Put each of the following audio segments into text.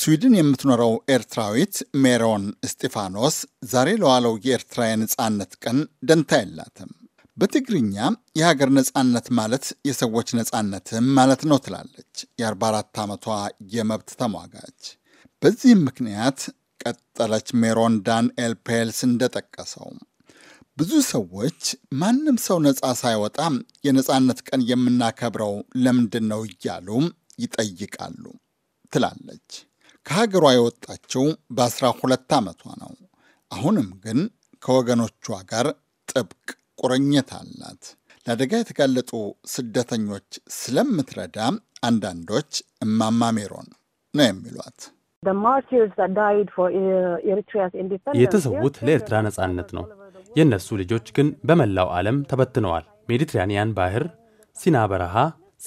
ስዊድን የምትኖረው ኤርትራዊት ሜሮን እስጢፋኖስ ዛሬ ለዋለው የኤርትራ የነፃነት ቀን ደንታ የላትም። በትግርኛ የሀገር ነፃነት ማለት የሰዎች ነፃነትም ማለት ነው ትላለች የ44 ዓመቷ የመብት ተሟጋች። በዚህም ምክንያት ቀጠለች ሜሮን ዳንኤል ፔልስ እንደጠቀሰው ብዙ ሰዎች ማንም ሰው ነፃ ሳይወጣ የነፃነት ቀን የምናከብረው ለምንድን ነው እያሉ ይጠይቃሉ ትላለች። ከሀገሯ የወጣችው በአስራ ሁለት ዓመቷ ነው። አሁንም ግን ከወገኖቿ ጋር ጥብቅ ቁርኝት አላት። ለአደጋ የተጋለጡ ስደተኞች ስለምትረዳ አንዳንዶች እማማ ሜሮን ነው የሚሏት። uh, የተሰዉት ለኤርትራ ነጻነት ነው። የእነሱ ልጆች ግን በመላው ዓለም ተበትነዋል። ሜዲትራኒያን ባህር፣ ሲና በረሃ፣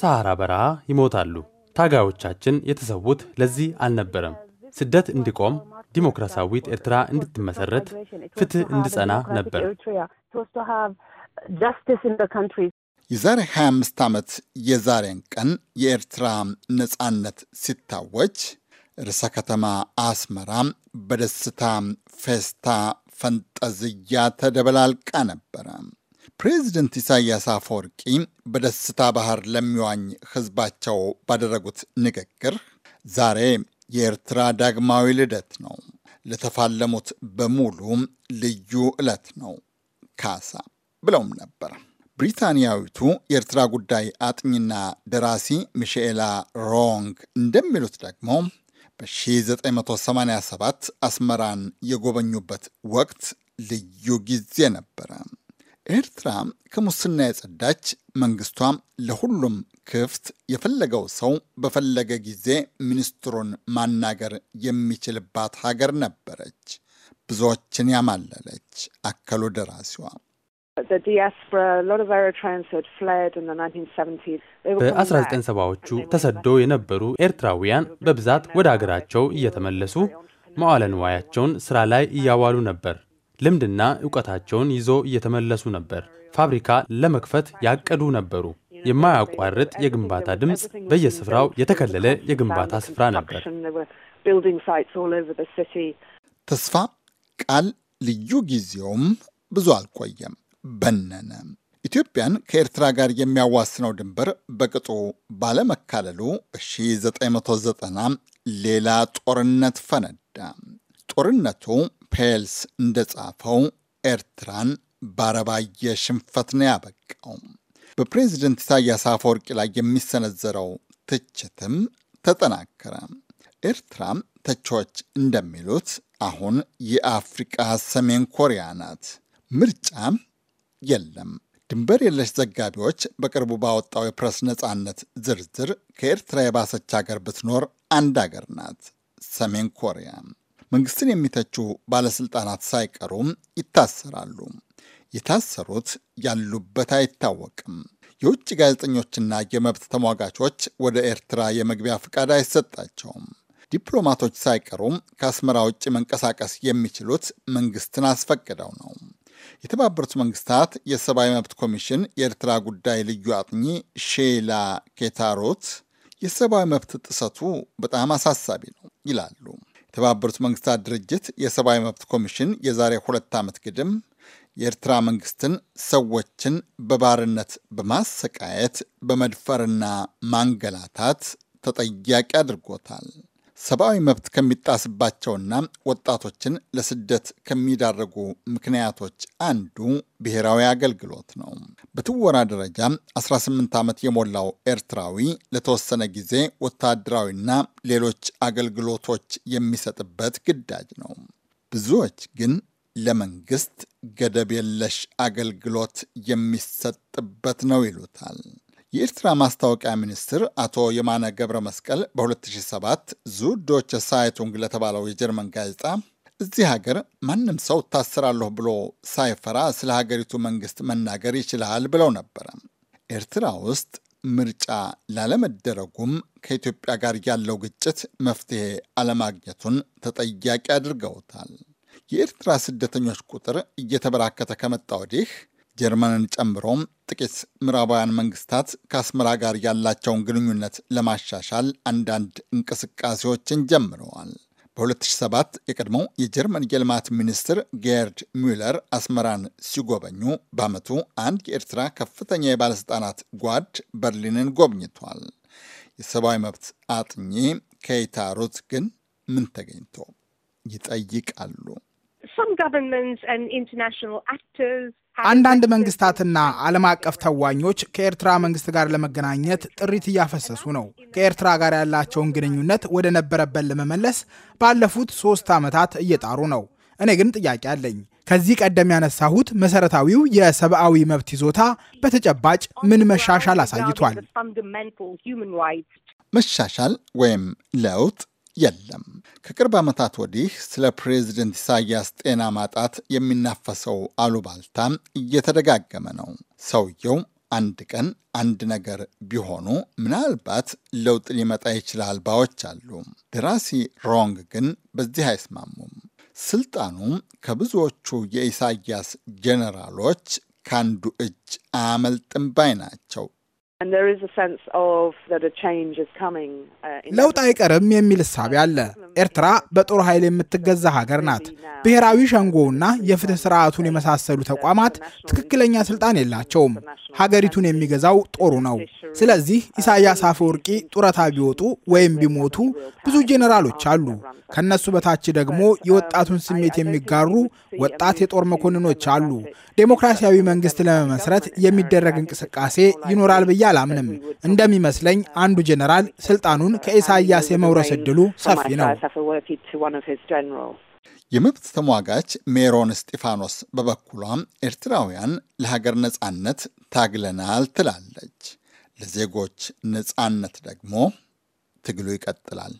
ሰሃራ በረሃ ይሞታሉ። ታጋዮቻችን የተሰዉት ለዚህ አልነበረም። ስደት እንዲቆም፣ ዲሞክራሲያዊት ኤርትራ እንድትመሰረት፣ ፍትህ እንዲጸና ነበር። የዛሬ 25 ዓመት የዛሬን ቀን የኤርትራ ነፃነት ሲታወጅ ርዕሰ ከተማ አስመራ በደስታ ፌስታ ፈንጠዝያ ተደበላልቃ ነበረ። ፕሬዚደንት ኢሳያስ አፈወርቂ በደስታ ባህር ለሚዋኝ ህዝባቸው ባደረጉት ንግግር ዛሬ የኤርትራ ዳግማዊ ልደት ነው፣ ለተፋለሙት በሙሉ ልዩ ዕለት ነው ካሳ ብለውም ነበር። ብሪታንያዊቱ የኤርትራ ጉዳይ አጥኚና ደራሲ ሚሼኤላ ሮንግ እንደሚሉት ደግሞ በ1987 አስመራን የጎበኙበት ወቅት ልዩ ጊዜ ነበረ። ኤርትራ ከሙስና የጸዳች መንግስቷ ለሁሉም ክፍት የፈለገው ሰው በፈለገ ጊዜ ሚኒስትሩን ማናገር የሚችልባት ሀገር ነበረች። ብዙዎችን ያማለለች አከሉ ደራሲዋ። በ1970ዎቹ ተሰደው የነበሩ ኤርትራውያን በብዛት ወደ አገራቸው እየተመለሱ መዋለ ንዋያቸውን ስራ ላይ እያዋሉ ነበር። ልምድና እውቀታቸውን ይዞ እየተመለሱ ነበር። ፋብሪካ ለመክፈት ያቀዱ ነበሩ። የማያቋርጥ የግንባታ ድምፅ በየስፍራው የተከለለ የግንባታ ስፍራ ነበር። ተስፋ ቃል ልዩ ጊዜውም ብዙ አልቆየም፣ በነነ። ኢትዮጵያን ከኤርትራ ጋር የሚያዋስነው ድንበር በቅጡ ባለመካለሉ 1990 ሌላ ጦርነት ፈነዳ። ጦርነቱ ፔልስ እንደጻፈው ኤርትራን ባረባየ ሽንፈት ነው ያበቃው። በፕሬዝደንት ኢሳያስ አፈወርቂ ላይ የሚሰነዘረው ትችትም ተጠናከረ። ኤርትራ ተቾች እንደሚሉት አሁን የአፍሪቃ ሰሜን ኮሪያ ናት። ምርጫ የለም። ድንበር የለሽ ዘጋቢዎች በቅርቡ ባወጣው የፕረስ ነፃነት ዝርዝር ከኤርትራ የባሰች ሀገር ብትኖር አንድ ሀገር ናት፣ ሰሜን ኮሪያ። መንግስትን የሚተቹ ባለስልጣናት ሳይቀሩም ይታሰራሉ። የታሰሩት ያሉበት አይታወቅም። የውጭ ጋዜጠኞችና የመብት ተሟጋቾች ወደ ኤርትራ የመግቢያ ፈቃድ አይሰጣቸውም። ዲፕሎማቶች ሳይቀሩም ከአስመራ ውጭ መንቀሳቀስ የሚችሉት መንግስትን አስፈቅደው ነው። የተባበሩት መንግስታት የሰብአዊ መብት ኮሚሽን የኤርትራ ጉዳይ ልዩ አጥኚ ሼላ ኬታሮት የሰብአዊ መብት ጥሰቱ በጣም አሳሳቢ ነው ይላሉ። የተባበሩት መንግስታት ድርጅት የሰብአዊ መብት ኮሚሽን የዛሬ ሁለት ዓመት ግድም የኤርትራ መንግስትን ሰዎችን በባርነት በማሰቃየት በመድፈርና ማንገላታት ተጠያቂ አድርጎታል። ሰብአዊ መብት ከሚጣስባቸውና ወጣቶችን ለስደት ከሚዳረጉ ምክንያቶች አንዱ ብሔራዊ አገልግሎት ነው። በትወራ ደረጃ 18 ዓመት የሞላው ኤርትራዊ ለተወሰነ ጊዜ ወታደራዊና ሌሎች አገልግሎቶች የሚሰጥበት ግዳጅ ነው። ብዙዎች ግን ለመንግስት ገደብ የለሽ አገልግሎት የሚሰጥበት ነው ይሉታል። የኤርትራ ማስታወቂያ ሚኒስትር አቶ የማነ ገብረ መስቀል በ2007 ዙዶች ሳይቱንግ ለተባለው የጀርመን ጋዜጣ እዚህ ሀገር ማንም ሰው ታስራለሁ ብሎ ሳይፈራ ስለ ሀገሪቱ መንግስት መናገር ይችላል ብለው ነበረ። ኤርትራ ውስጥ ምርጫ ላለመደረጉም ከኢትዮጵያ ጋር ያለው ግጭት መፍትሄ አለማግኘቱን ተጠያቂ አድርገውታል። የኤርትራ ስደተኞች ቁጥር እየተበራከተ ከመጣ ወዲህ ጀርመንን ጨምሮም ጥቂት ምዕራባውያን መንግስታት ከአስመራ ጋር ያላቸውን ግንኙነት ለማሻሻል አንዳንድ እንቅስቃሴዎችን ጀምረዋል። በ2007 የቀድሞው የጀርመን የልማት ሚኒስትር ጌርድ ሚለር አስመራን ሲጎበኙ በዓመቱ አንድ የኤርትራ ከፍተኛ የባለሥልጣናት ጓድ በርሊንን ጎብኝቷል። የሰብአዊ መብት አጥኚ ከይታ ሩት ግን ምን ተገኝቶ ይጠይቃሉ? አንዳንድ መንግስታትና ዓለም አቀፍ ተዋኞች ከኤርትራ መንግስት ጋር ለመገናኘት ጥሪት እያፈሰሱ ነው። ከኤርትራ ጋር ያላቸውን ግንኙነት ወደ ነበረበት ለመመለስ ባለፉት ሶስት ዓመታት እየጣሩ ነው። እኔ ግን ጥያቄ አለኝ። ከዚህ ቀደም ያነሳሁት መሰረታዊው የሰብአዊ መብት ይዞታ በተጨባጭ ምን መሻሻል አሳይቷል? መሻሻል ወይም ለውጥ የለም። ከቅርብ ዓመታት ወዲህ ስለ ፕሬዚደንት ኢሳያስ ጤና ማጣት የሚናፈሰው አሉባልታ እየተደጋገመ ነው። ሰውየው አንድ ቀን አንድ ነገር ቢሆኑ ምናልባት ለውጥ ሊመጣ ይችላል ባዎች አሉ። ደራሲ ሮንግ ግን በዚህ አይስማሙም። ስልጣኑ ከብዙዎቹ የኢሳያስ ጄኔራሎች ከአንዱ እጅ አያመልጥም ባይ ናቸው። Uh, ለውጥ አይቀርም የሚል እሳቤ አለ። ኤርትራ በጦር ኃይል የምትገዛ ሀገር ናት። ብሔራዊ ሸንጎውና የፍትህ ስርዓቱን የመሳሰሉ ተቋማት ትክክለኛ ስልጣን የላቸውም። ሀገሪቱን የሚገዛው ጦሩ ነው። ስለዚህ uh, ኢሳያስ አፈወርቂ ጡረታ ቢወጡ ወይም uh, ቢሞቱ ብዙ ጄኔራሎች አሉ። ከነሱ በታች ደግሞ የወጣቱን ስሜት የሚጋሩ ወጣት የጦር መኮንኖች አሉ። ዴሞክራሲያዊ መንግስት ለመመስረት የሚደረግ እንቅስቃሴ ይኖራል ብያ አላምንም። እንደሚመስለኝ አንዱ ጄኔራል ስልጣኑን ከኢሳያስ የመውረስ እድሉ ሰፊ ነው። የመብት ተሟጋች ሜሮን እስጢፋኖስ በበኩሏም ኤርትራውያን ለሀገር ነጻነት ታግለናል ትላለች። ለዜጎች ነጻነት ደግሞ ትግሉ ይቀጥላል።